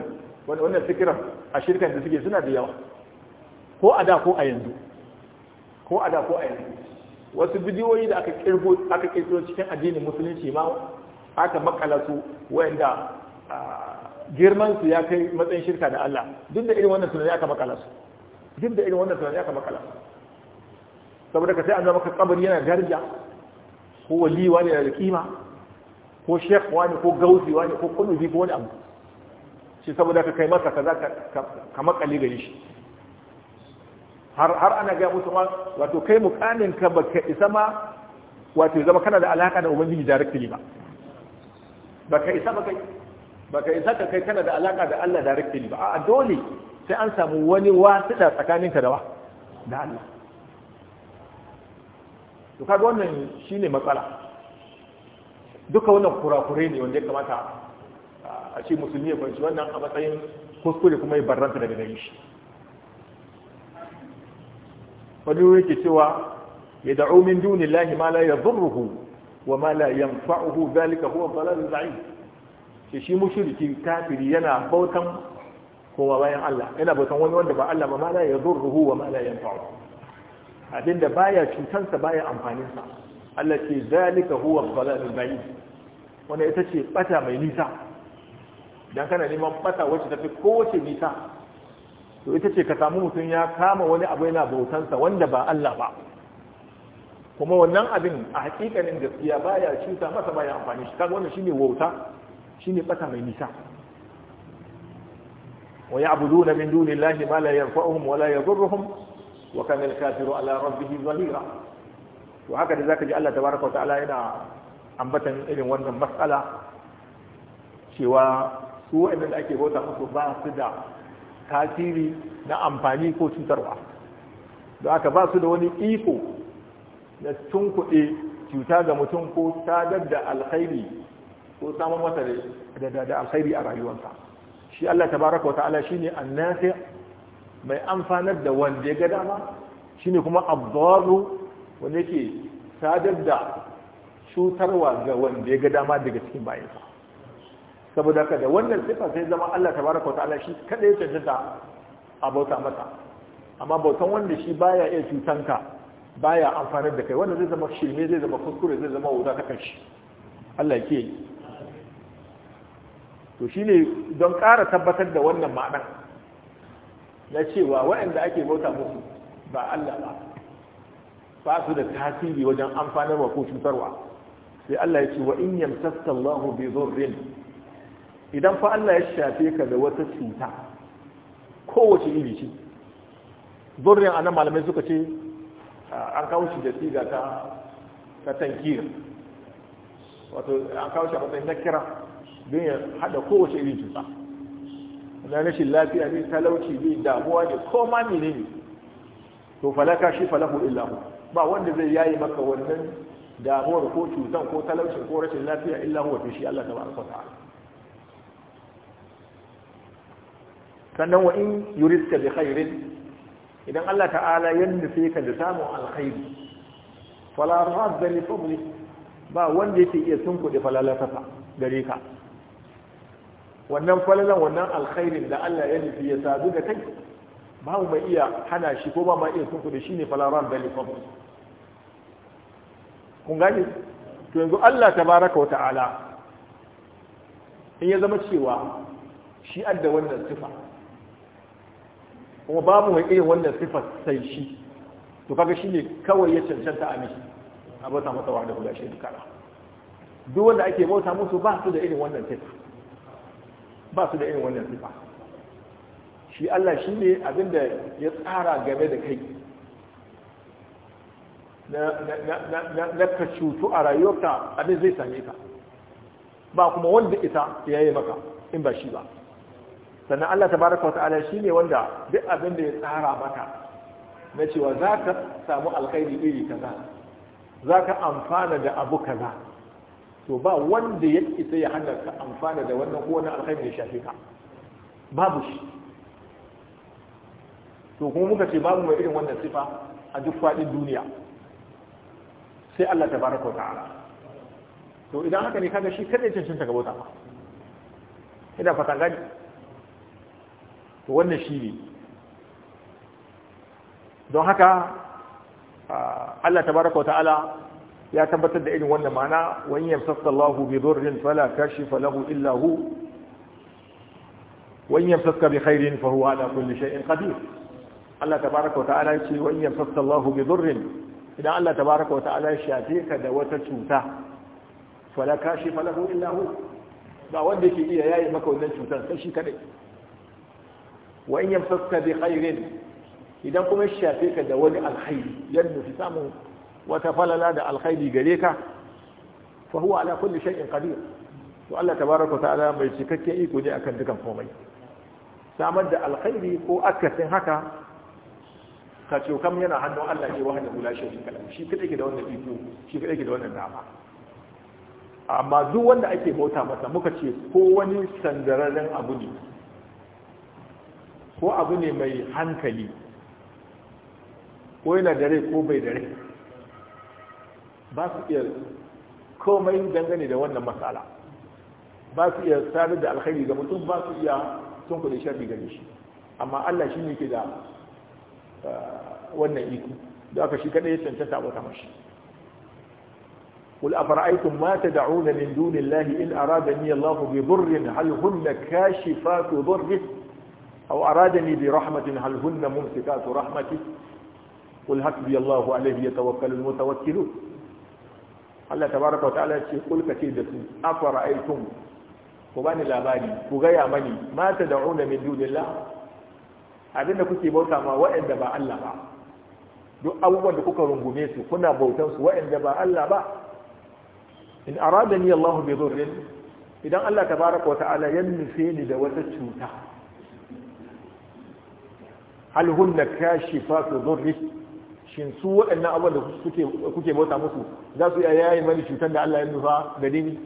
wannan fikirar a shirkan da suke suna da yawa ko a da ko a yanzu ko a da ko a yanzu wasu bidiyoyi da aka kirgo aka kirgo cikin addinin musulunci ma aka makala su wanda ah, girman su ya kai matsayin shirka da Allah duk da irin wannan tunani aka makala su duk da irin wannan tunani aka makala saboda ka sai an zama ka kabari yana darja ko wali wani yana da kima ko shekh wani ko gauzi wani ko kunubi ko wani abu shi saboda ka kai masa kaza ka makale gari shi har ana gaya musu wato kai mukamin ka baka isa ma wato zama kana da alaka da ubangiji directly ba Ba ka isa ba kai ba ka isa ka kai kana da alaka da Allah directly ba a dole sai an samu wani wasiɗa tsakaninka da wa da Allah to kaga wannan shine matsala duka wannan kurakure ne wanda ya kamata a ce musulmi ya kwanci wannan a matsayin kuskure kuma ya barranta daga gare shi wani ke cewa ya da'u min duni lahi ma la zurruhu wa ma la yanfa'uhu zalika huwa dalalul za'i shi mushriki kafiri yana bautan kuma bayan Allah yana bautan wani wanda ba Allah ba ma zo ruhu wa ma la yanfa'u abinda baya cutansa baya amfanin sa Allah ce zalika huwa dhalalul bayi. wannan ita ce bata mai nisa dan kana neman bata wacce tafi kowace nisa to ita ce ka samu mutum ya kama wani abu yana bautansa wanda ba Allah ba kuma wannan abin a hakikanin gaskiya baya cuta masa baya amfani shi kaga wannan shine wauta shine bata mai nisa ويعبدون من دون الله ما لا ينفعهم ولا يضرهم وكان الكافر على ربه ظهيرا وهكذا ذاك جاء الله تبارك وتعالى هنا ambatan irin wannan matsala cewa su waɗanda ake bauta musu ba da tasiri na amfani ko cutarwa da aka ba su da wani iko na tunkuɗe cuta ga mutum ko sadar da alkhairi ko samun alkhairi a rayuwarsa shi Allah tabaraka wa ta'ala shine annafi mai amfanar da wanda ya ga dama shine kuma abdaru wanda yake sadar da cutarwa ga wanda ya ga dama daga cikin bayansa saboda da wannan sifa sai zama Allah tabaraka wa ta'ala shi kada ya a bauta mata amma bautan wanda shi baya iya cutanka baya amfanar da kai wanda zai zama shirme zai zama kuskure zai zama wuta ta kashi Allah ke to shi ne don ƙara tabbatar da wannan ma'anar na cewa waɗanda ake bauta musu ba Allah ba ba su da tasiri wajen amfanarwa ko cutarwa sai Allah ya ce wa in lahu Allahu bi dhurrin idan fa Allah ya shafe ka da wata cuta kowace iri ce dhurrin anan malamai suka ce ah, an kawo shi da siga ta ta tankir wato an kawo shi a matsayin kira don ya hada kowace irin cuta na rashin lafiya ne talauci ne damuwa ne ko ma ne ne to falaka shi falahu illahu ba wanda zai yayi maka wannan damuwar ko cutan ko talauci ko rashin lafiya illahu wa shi Allah tabaraka wa ta'ala sannan wa in yuridka bi khairin idan Allah ta'ala ya nufe ka da samun alkhairi fala radda li fadli ba wanda yake iya sunkuɗe falalasa gare ka wannan falalan wannan alkhairin da Allah ya nufi ya sadu da kai ba mu iya hana shi ko ba ma iya sunku da shi ne falaran da lifan kun gane to yanzu Allah tabaraka wa ta'ala in ya zama cewa shi adda wannan sifa kuma mu mai irin wannan sifa sai shi to kaga shine kawai ya cancanta a mishi a bauta masa wa da kula shi duk wanda ake bauta musu ba su da irin wannan sifa ba su da irin wannan sifa shi Allah shi ne abinda ya tsara game da kai na ka cutu a rayuwarka abin zai same ka ba kuma wanda isa ya yi maka in ba shi ba sannan Allah ta baraka wata ala shi ne wanda duk abin da ya tsara maka na cewa za ka samu alkhairi iri kaza za ka amfana da abu kaza to ba wanda ya isa ya hana ka amfana da wannan ko wani alkhairi ya shafe ka babu shi to kuma muka ce babu mai irin wannan sifa a duk faɗin duniya sai Allah ta baraka wa ta'ala to idan haka ne kaga shi kada ya ta ga bauta ina fata gani to wannan shi ne don haka ah, Allah ta baraka wa ta'ala ya tabbatar da irin wannan ma'ana wani yamsaka Allahu bi dhurrin fala kashifa lahu illa hu wani yamsaka bi khairin fa huwa ala kulli shay'in qadir Allah tabaaraka wa ta'ala ce wani yamsaka Allahu bi dhurrin idan Allah tabaaraka wa ta'ala ya shafe ka da wata cuta fala kashifa lahu illa hu ba wanda yake iya yayi maka wannan cutar sai shi kadai wa in yamsaka bi khairin idan kuma ya shafe ka da wani alkhairi yadda fi samun wata falala da alkhairi gare ka fa huwa ala kulli shay'in qadir to Allah tabaraka ta'ala mai cikakken iko ne akan dukan komai samar da alkhairi ko akasin haka ka ce kam yana hannun Allah ne wahda la shi lahu shi kadai ke da wannan iko shi kadai ke da wannan dama amma duk wanda ake bauta masa muka ce ko wani sandararren abu ne ko abu ne mai hankali ko yana da rai ko bai da rai ba su iya komai dangane da wannan matsala ba su iya sadar da alkhairi ga mutum ba su iya sun kudin sharri gare shi amma Allah shi ne ke da wannan iko da aka shi kadai ya cancanta wata mashi قل أفرأيتم ما تدعون من دون الله إن أرادني الله بضر هل هن كاشفات ضره أو أرادني برحمة هل هن ممسكات رحمته قل حسبي الله عليه يتوكل المتوكلون Allah tabaraka wa ta'ala ce kul da su afara aitum ku bani labari ku gaya mani ma tad'una min dunillah abinda kuke bauta ma waɗanda ba Allah ba duk abubuwan da kuka rungume su kuna bautan su waɗanda ba Allah ba in aradani Allah bi dhurrin idan Allah tabaraka wa ta'ala ya nufe ni da wata cuta hal hunna kashifatu dhurri shin su waɗannan abubuwan da kuke bauta musu za su iya yayi mani cutar da Allah ya nufa da ni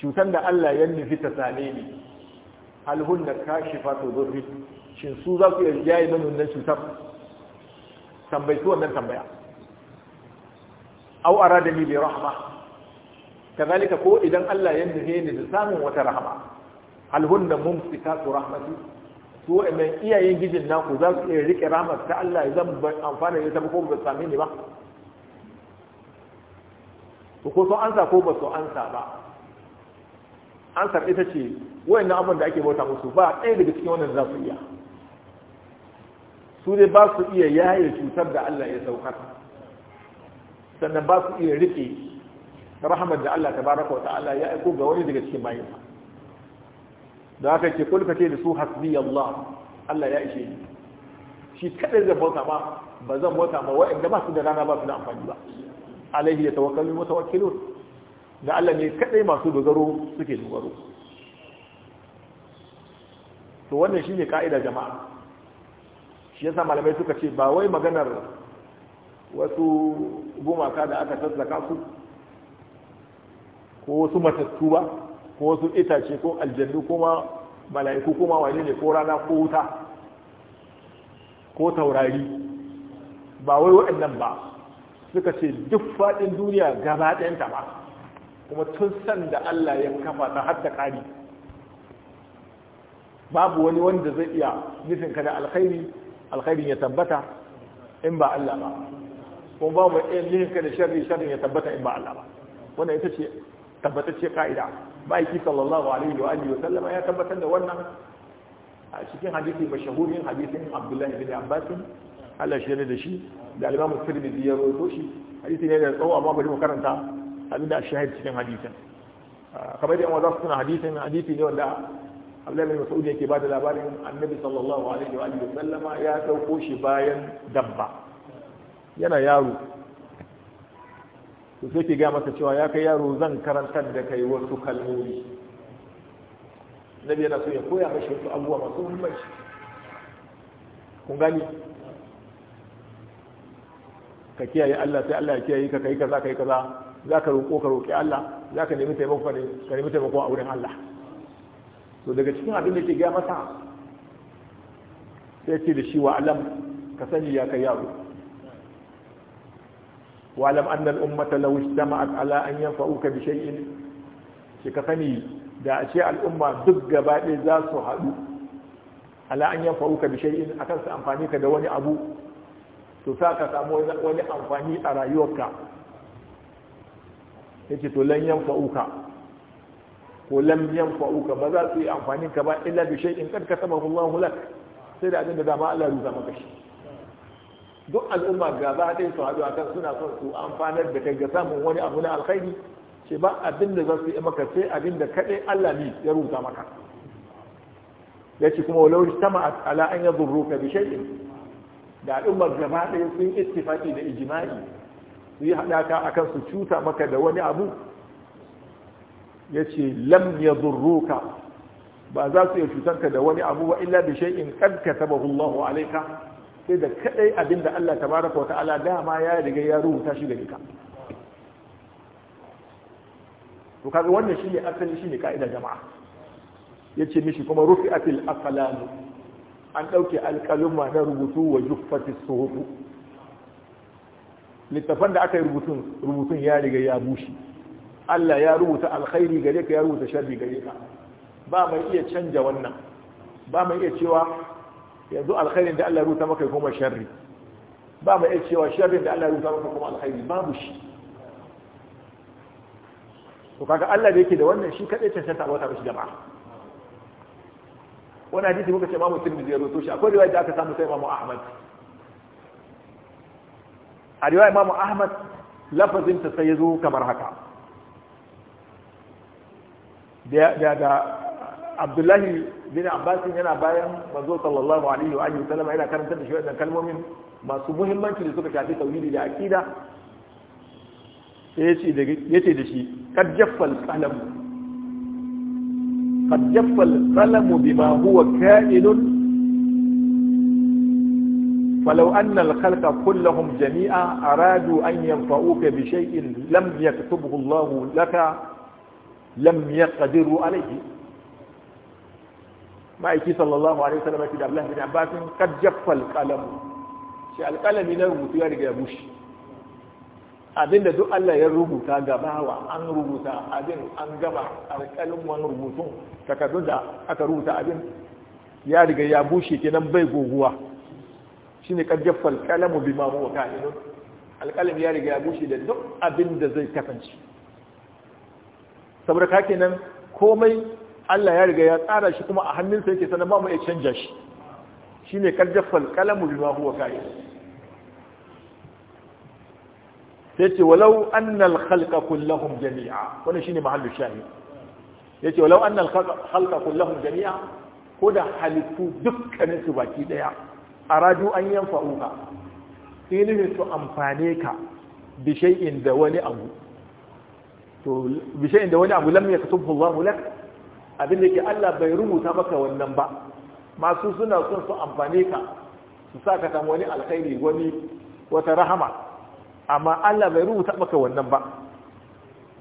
cutar da Allah ya nufi ta same ni da hunna kashifatu zurfi shin su za su iya yi mani wannan cutar tambayi su wannan tambaya da ni bi rahma kazalika ko idan Allah ya nufi ni da samun wata rahama hal hunna mumsikatu rahmatu? su wa'annan iyayen gijin naku za su iya rike ramar ta Allah ya zan ban amfani ya zama ko ba sami ni ba to ko sun ansa ko ba sun ansa ba ansar ita ce wa'annan abin da ake bauta musu ba ɗaya daga cikin wannan za su iya su dai ba su iya yaye cutar da Allah ya saukar sannan ba su iya rike rahamar da Allah tabaraka wa ta'ala ya aiko ga wani daga cikin bayinsa da aka ce kulka ce da su hasbi Allah Allah ya ishe ni shi kadai zai bauta ba ba zan bauta ba wa'anda ba su da rana ba su da amfani ba alaihi ya tawakkalu mutawakkilun da Allah ne kadai masu dogaro suke dogaro to wannan shine kaida jama'a shi yasa malamai suka ce ba wai maganar wasu gumaka da aka sassaka su ko wasu matattu ba ko wasu itace ko aljannu kuma mala'iku kuma wane ne ko rana ko wuta ko taurari ba wai waɗannan ba suka ce duk faɗin duniya gaba ɗayanta ba kuma tun san da Allah ya kafa ta har da ƙari babu wani wanda zai iya nufin ka da alkhairi alkhairin ya tabbata in ba Allah ba kuma babu wani nufin ka da sharri sharrin ya tabbata in ba Allah ba wannan ita ce tabbatacce ka'ida ma'aiki sallallahu alaihi wa alihi sallama ya tabbatar da wannan a cikin hadisi mashahurin hadisin abdullahi bin abbas Allah shi da shi da al-imam tirmidhi ya rawaito shi hadisi ne da tsawo amma bari mu karanta abinda shahid cikin hadisin kamar da wanda suna hadisin hadisi ne wanda Abdullahi bin Mas'ud yake da labarin Annabi sallallahu alaihi wa alihi sallama ya dauko shi bayan dabba yana yaro to sai ke gaya masa cewa ya kai yaro zan karantar da kai wasu kalmomi nabi yana so ya koya mashi wasu abubuwa masu muhimmanci kun gani ka kiyaye Allah sai Allah ya kiyaye ka kai kaza kai kaza zaka roƙo ka roƙi Allah zaka nemi taimako ka ka nemi taimako a wurin Allah to daga cikin abin da ke gaya masa sai ce da shi wa alam ka sani ya kai yaro walam annal ummata law ijtama'at ala an yanfa'uka bi shay'in shi ka sani da a ce al'umma duk gaba ɗaya za su haɗu ala an yanfa'uka bi shay'in akan su amfani ka da wani abu to sa ka samu wani amfani a rayuwarka yace to lan fa'uka, ko lam fa'uka ba za su yi amfanin ka ba illa bi shay'in kad katabahu Allah lak sai da abin da dama Allah ya rubuta maka shi duk al'umma gaba ɗaya su haɗu akan suna son su amfanar da kai ga samun wani abu na alkhairi ce ba abin da za su yi maka sai abin da kaɗai Allah ne ya rubuta maka ya ce kuma walau sama ala an ya zurru ka bishai da al'ummar gaba ɗaya sun ittifaki da ijma'i su yi haɗaka akan su cuta maka da wani abu ya ce lam ya ka ba za su iya cutanka da wani abu ba illa bishai in kad katabahu Allahu alaika sai da kadai abin da Allah tabaraka wata'ala dama ya riga ya rubuta shi da ka to kaga wannan shine asali shine kaida jama'a yace mishi kuma rufi'atil aqlam an dauke alqaluma na rubutu wa juffati suhufu littafan da aka yi rubutun rubutun ya riga ya bushe Allah ya rubuta alkhairi gare ka ya rubuta sharri gare ka ba mai iya canja wannan ba mai iya cewa yanzu alkhairin da Allah ya rubuta maka kuma sharri ba mai cewa sharrin da Allah ya rubuta maka kuma alkhairi babu shi to kaga Allah da yake da wannan shi kadai cancanta a wata mishi jama'a wani hadisi muka ce imamu tirmidhi ya rubuto shi akwai riwaya da aka samu sai imamu ahmad a riwaya imamu ahmad lafazin ta sai yazo kamar haka da da Abdullahi bin Abbas yana bayan manzo sallallahu alaihi wa alihi wasallam yana karanta da shi wannan kalmomin masu muhimmanci da suka shafi tauhidi da aqida sai yace da yace da shi kad jaffal qalam kad jaffal qalam bima huwa ka'inun فلو أن الخلق كلهم جميعا أرادوا أن ينفعوك بشيء لم يكتبه الله لك لم يقدروا عليه ma'aiki sallallahu alaihi wasallam ya ce da Allah bin Abbas kad jaffal qalam shi alqalami na rubutu ya riga ya bushe abinda duk Allah ya rubuta ga bawa an rubuta abin an gaba alqalin wani rubutun takardun da aka rubuta abin ya riga ya bushe kenan bai goguwa shine kad jaffal qalam bima huwa ka'inun alqalam ya riga ya bushe da duk abin da zai kasance saboda ka kenan komai Allah ya riga ya tsara shi kuma a hannunsa yake sanan ba mu iya canja shi shine karjafal kalamu bima huwa ka'i yace walau annal khalqa kulluhum jami'a wannan shine mahallu shahid yace walau annal khalqa kulluhum jami'a ko da halittu dukkanin su baki daya aradu an yanfa'uka sai ne su amfane ka bi shay'in da wani abu to bi shay'in da wani abu lam yakutubu Allahu lak abin da ke Allah bai rubuta maka wannan ba masu suna son su amfane ka su sa ka wani alkhairi wani wata rahama amma Allah bai rubuta maka wannan ba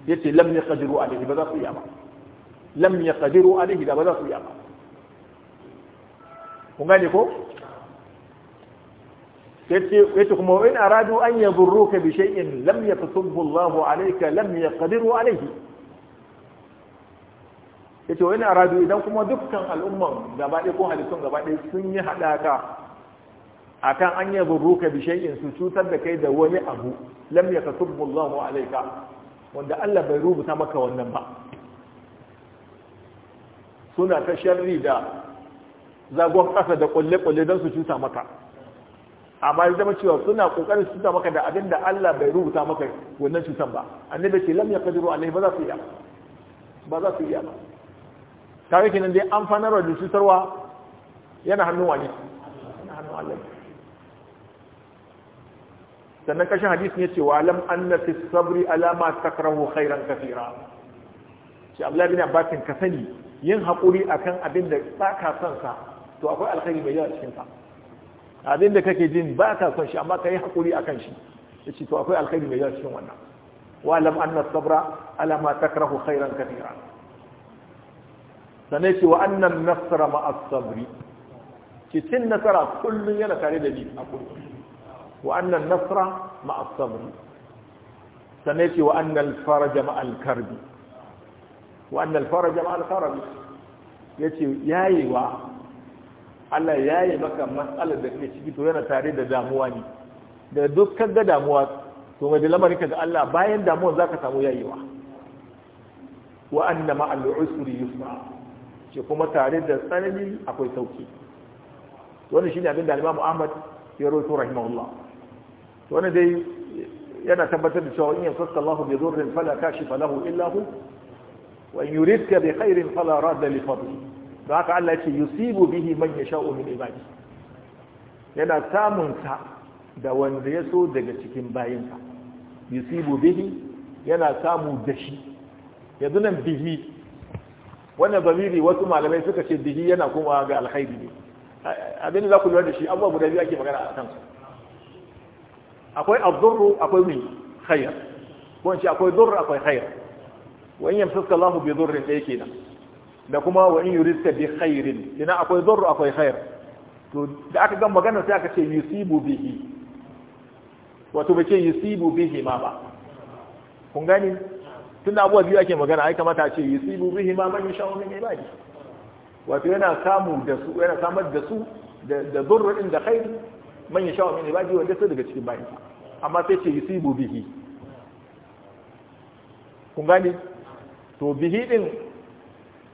yace lam yaqdiru alayhi ba za su iya ba lam yaqdiru alayhi da ba za su iya ba kun gane ko yace kuma wa in aradu an yadurruka bi shay'in lam yatubbu Allahu alayka lam yaqdiru alayhi ce wani aradu idan kuma dukkan al'umman gaba ɗaya ko halittun gaba ɗaya sun yi haɗaka kan an yi burruka bi shay'in su cutar da kai da wani abu lam kasu bullahu alaika. wanda Allah bai rubuta maka wannan ba suna ta sharri da zagon ƙasa da ƙulle-ƙulle don su cuta maka amma ya zama cewa suna ƙoƙarin su cuta maka da abin da Allah bai rubuta maka wannan cutar ba annabi ce lam yaqdiru alayhi ba za su iya ba za su iya ba kawai kenan dai amfanarwa da cutarwa yana hannun wani sannan kashin hadisin ne ce wa alam anna sabri alama takrahu khairan kathira shi abdullahi bin abbasin ka sani yin haƙuri akan abin da ba ka son sa to akwai alkhairi mai yawa cikin sa abin da kake jin baka son shi amma ka yi haƙuri akan shi yace to akwai alkhairi mai yawa cikin wannan wa alam anna sabra alama takrahu khairan kathira Sannan ce wa annan nasara ma'as cikin nasara kullum yana tare da ni a kullum wa annan nasara ma'as sabri sanai ce wa annal faraja ma'al karbi wa annal faraja ma'al karbi yace yayewa Allah yaye maka matsalar da ke ciki to yana tare da damuwa ne da dukkan ga damuwa to mai da lamarin ka ga Allah bayan damuwa za ka samu yayewa wa anna ma'al usri yusra ce kuma tare da tsanani akwai sauki shi ne abin da Imam Ahmad ya rawaito rahimahullah to wannan dai yana tabbatar da cewa in yasaka Allahu bi dhurrin fala kashi, lahu illahu. hu wa in yuridka bi khairin fala radda li fadli da haka Allah ya ce yusibu bihi man yasha'u min ibadi yana samun sa da wanda ya so daga cikin bayinsa yusibu bihi yana samu da shi yanzu nan bihi wannan zamiri wasu malamai suka ce bihi yana kuma ga alkhairi ne abin da za ku lura da shi abubuwa guda biyu ake magana a kansu akwai abdurru akwai mai khayar ko in ce akwai durr akwai khayar wa in yamsaka Allah bi durrin da yake nan da kuma wa in yuriska bi khairin ina akwai durr akwai khayar to da aka ga magana sai aka ce yusibu bihi wato bace yusibu bihi ma ba kun gani tunda abuwa biyu ake magana ai kamata a ce yusibu bihi ma man shawarar min ibadi wato yana samu da su yana samar da su da durrin da kai man yasha min ibadi wanda su daga cikin bayan amma sai ce yi yusibu bihi kun gane to bihi din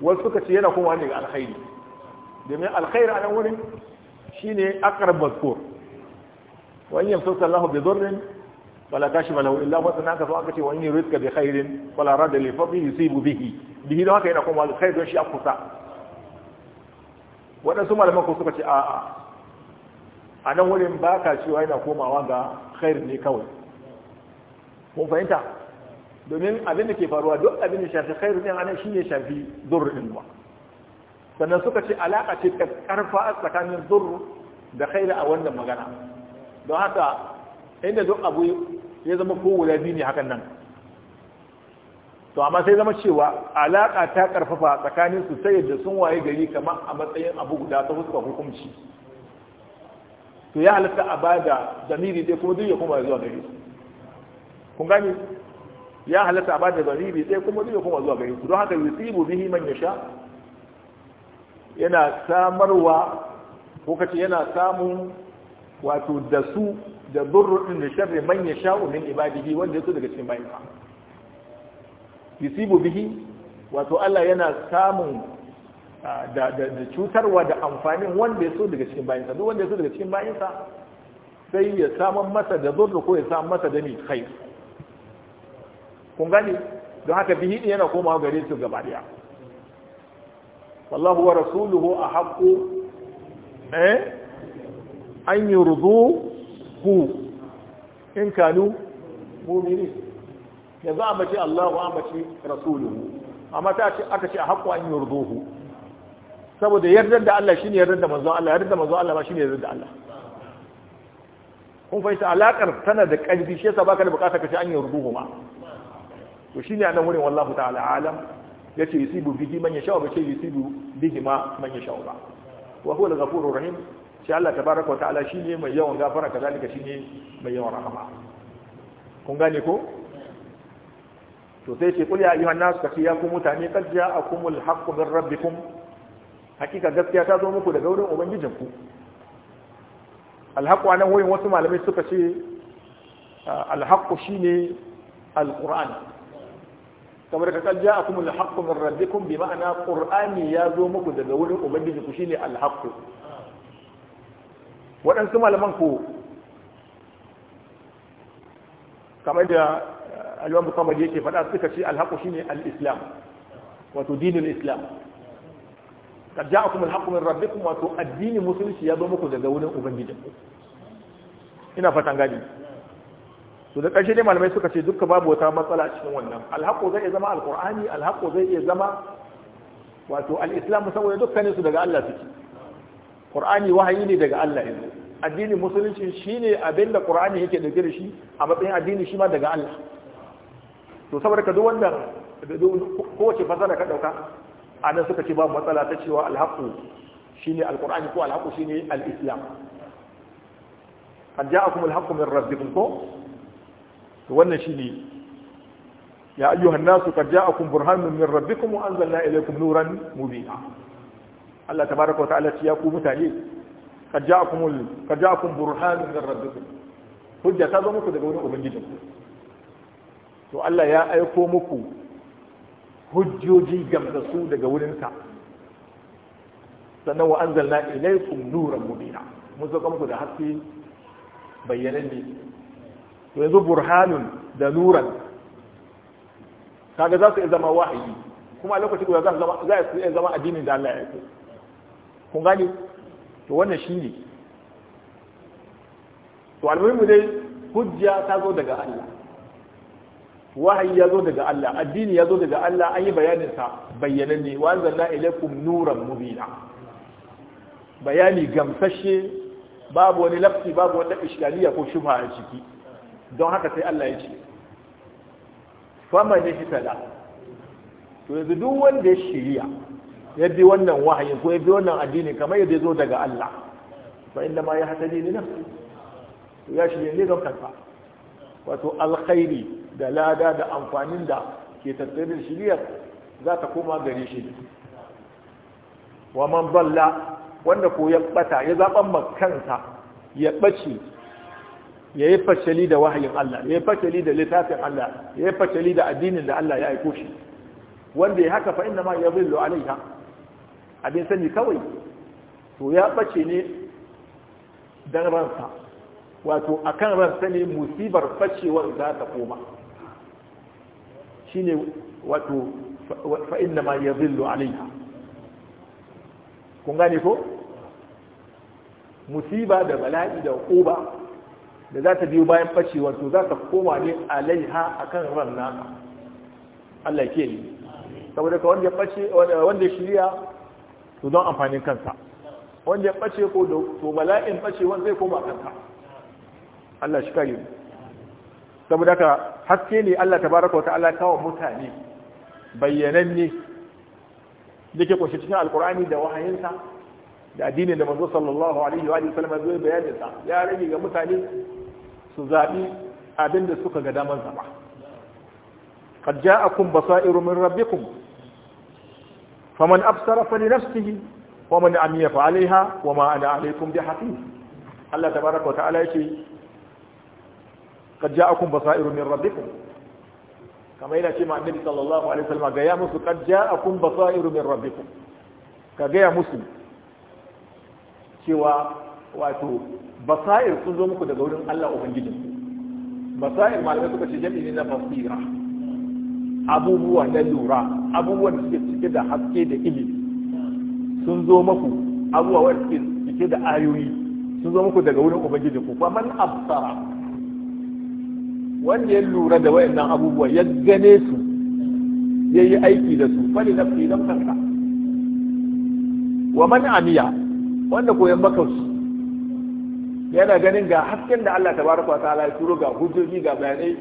wasu suka ce yana kuma ne ga alkhairi domin alkhairi a nan wurin shine aqrab mazkur wa in yamsaka Allahu bi dhurrin wala kashi malahu illa wa na ka aka ce wa in yuridka bi khairin wala rada li fadli yusibu bihi bihi don haka yana kuma alkhair don shi a kusa waɗansu malaman ko suka ce a'a a nan wurin ba ka cewa yana komawa ga khair ne kawai kun fahimta domin abin da ke faruwa duk abin da shafi khair ne anan shi ne shafi zur din ba sannan suka ce alaƙa ce ta karfa tsakanin zur da khair a wannan magana don haka inda duk abu ya zama ko guda biyu ne hakan nan to amma sai zama cewa alaka ta karfafa tsakanin su sai da sun waye gari kamar a matsayin abu guda ta fuskar hukunci to ya halatta a bada zamiri dai kuma duk ya kuma zuwa gari kun gani ya halatta a bada zamiri dai kuma duk ya kuma zuwa gari don haka yusibu bihi man yasha yana samarwa ko kace yana samun wato da su da zurru din da sharri man sha'u min ibadihi wanda yake daga cikin bayin sa yusibu bihi wato Allah yana samun da cutarwa da amfanin wanda yaso daga cikin bayin sa duk wanda yaso daga cikin bayin sa sai ya samun masa da zurru ko ya samun masa da ni khair kun gani don haka bihi din yana komawa gare su gaba daya wallahu wa rasuluhu ahqqu eh an yurdu hu in kanu mumini yanzu a mace Allahu a mace rasuluhu amma ta ce aka ce a haƙƙo an yurduhu saboda yardar da Allah shine yardar da manzon Allah yardar da manzon Allah ba shine yardar da Allah kun fahimta alaƙar tana da ƙarfi shi yasa baka da bukata ka ce an yurduhu ma to shine anan wurin wallahu ta'ala alam yace yusibu bihi man yasha wa ba wa huwa al shi Allah tabaraka wa ta'ala shine mai yawan gafara kazalika shine mai yawan rahama kun gane ko to sai ce kulli ayyuhan nas ka ya ku mutane kad ja'akumul haqqu min rabbikum hakika gaskiya ta zo muku daga wurin ubangijinku a nan wurin wasu malamai suka ce alhaqqu shine alquran kamar ka kad ja'akumul haqqu min rabbikum bi ma'ana ƙur'ani ya zo muku daga wurin ubangijinku shine alhaqqu waɗansu malaman ko kamar da alwan bukamar yake faɗa suka ce alhaku shine al-islam wato dinin islam ka ja a kuma alhaku min kuma wato addini musulunci ya zo muku daga wurin ubangiji ina fatan gani su da ƙarshe dai malamai suka ce dukka babu wata matsala cikin wannan alhaku zai zama alqur'ani alhaku zai zama wato al'islam islam saboda dukkanin su daga Allah suke qur'ani wahayi ne daga Allah yanzu addinin musulunci shine da qur'ani yake dauke da shi a matsayin addini shi ma daga Allah to saboda ka duk wannan kowace fasara ka dauka anan suka ce babu matsala ta cewa alhaqu shine alqur'ani ko alhaqu shine alislam qad ja'akum alhaqu min rabbikum ko to wannan shine ya ayyuhan nasu qad ja'akum burhanun min rabbikum wa anzalna ilaykum nuran mubina Allah tabaraka wa ta'ala ya ku mutane ka ja kad ja'akum burhanun min rabbikum hujja ta zo muku daga wurin ubangijinku to Allah ya aiko muku hujjoji gamsasu daga wurinsa sannan wa anzalna ilaykum nuran mubina mun zo muku da haske bayyananne to yanzu burhanun da nuran kaga za su zama wahayi kuma a lokacin da za su zama addinin da Allah ya aiko kun gani to wannan shi ne to almuhimmu dai hujja ta zo daga Allah wahayi ya zo daga Allah addini ya zo daga Allah an yi bayaninsa ne, wa zanna ilaikum nuran mubina bayani gamsashe babu wani lafsi babu wata iskaliya ko shubha a ciki don haka sai Allah ya ce fama ne to yanzu duk wanda ya shirya ya bi wannan wahayin ko ya bi wannan addini kamar yadda zo daga Allah fa inda ma ya hatani ni nan ya shi ne ga wato alkhairi da lada da amfanin da ke tattare shiriyar za ta koma gare shi wa man balla wanda ko ya bata ya zaban makansa ya bace ya yi fashali da wahayin Allah ya yi fashali da littafin Allah ya yi fashali da addinin da Allah ya aiko shi wanda ya haka fa inna ma ya zillu alaiha abin sani kawai to ya bace ne don ransa wato a kan ransa ne musibar ɓacewar za ta koma shi ne wato fa'in da ma ya zillo alaiha kun gane ko musiba da bala'i da koba da za ta biyo bayan ɓacewar to za ta koma ne alaiha a kan ran naka Allah ke ne saboda ka wanda ya ɓace wanda shirya Su don amfanin kansa wanda ya ɓace ko da to bala'in zai koma kansa Allah shi kare mu saboda ka haske ne Allah baraka wa ta'ala kawo mutane bayyananne da ke kunshi cikin alkur'ani da wahayinsa da addinin da manzo sallallahu alaihi wa sallam zai bayanin sa ya rage ga mutane su zaɓi abin da suka ga damar zaba qad ja'akum basairu min rabbikum faman absara fa li nafsihi wa man amiya fa alaiha wa ma ana alaikum bi hafiz Allah tabaraka wa ta'ala yake qad ja'akum basairu min rabbikum kama yana ce ma sallallahu alaihi wasallam ga ya musu qad ja'akum basairu min rabbikum ka ga musu cewa wato basair sun zo muku daga wurin Allah ubangijin basair malamai suka ce ne na basira abubuwa na lura abubuwan da suke cike da haske da ilimi sun zo maku abubuwa suke cike da ayoyi sun zo maku daga wurin ubangiji ku kuma man absara wanda ya lura da wayannan abubuwa ya gane su ya yi aiki da su fali na fi kanka wa man amiya wanda koyan maka su yana ganin ga hasken da Allah tabaraka wa ta'ala ya turo ga hujjoji ga bayanai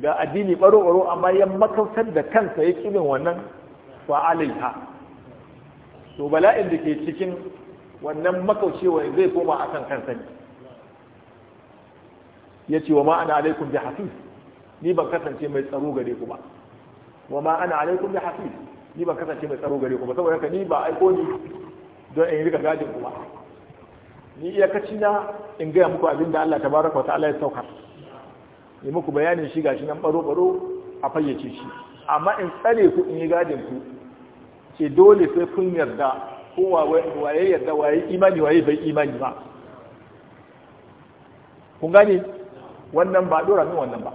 ga addini baro-baro amma ya makautar da kansa ya ƙi wannan ha, to bala'in da ke cikin wannan makaucewa zai koma akan kansa ne ya ce wa ma ana alaikum da hafiz ni ban kasance mai tsaro gare ku ba wa ma ana alaikum da hafiz ni ban kasance mai tsaro gare ku ba saboda haka ni ba aiko ni don in rika gadin ku ba ni iyakaci na in gaya muku abin da Allah tabaraka wa ta'ala ya saukar yi muku bayanin shi nan baro-baro a fayyace shi amma in tsare ku in yi gadin ku ce dole sai kun yarda ko waye yarda waye imani waye bai imani ba kun gani wannan ba dora min wannan ba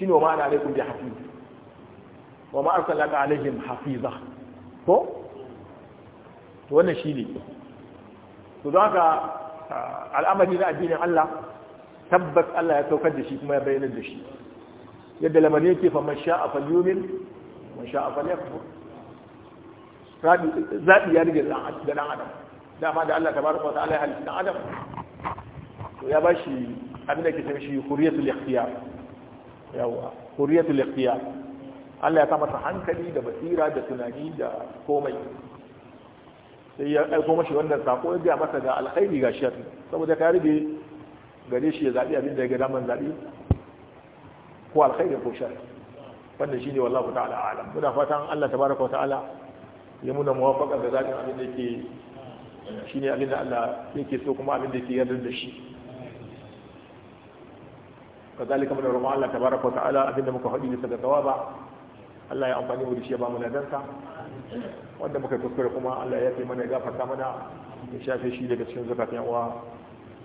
ne wa ma'ana alaikum bi hafiz wa ma arsalaka alaihim hafiza ko to wannan shi ne. to za ka al'amari na addinin Allah tabbas Allah ya saukar da shi kuma ya bayyana da shi yadda lamarin yake fa man sha'a falyumin man sha'a falyakfur Zaɓi zabi ya rige da dan adam ma da Allah tabaraka wa ta'ala ya halitta adam to ya bashi abin da ke cewa shi huriyatul ikhtiyar yawa huriyatul ikhtiyar Allah ya kama hankali da basira da tunani da komai sai ya aiko mashi wannan sako ya ga masa ga alkhairi ga shari saboda ka rige gare shi ya zaɓi abin da ya ga daman zaɓi ko alkhairi ko shari wanda shi ne ku ta'ala alam muna fatan Allah Ta baraka wa ta'ala ya muna muwafaqa ga zaɓin abin da shi ne abin da Allah yake so kuma abin da yardar da shi Ka zalika muna roƙon Allah Ta baraka wa ta'ala abin da muka faɗi bisa ga tawaba Allah ya amfani mu da shi ya ba mu danta. wanda muka kuskure kuma Allah ya fi mana ya gafarta mana ya shafe shi daga cikin zakatun yawa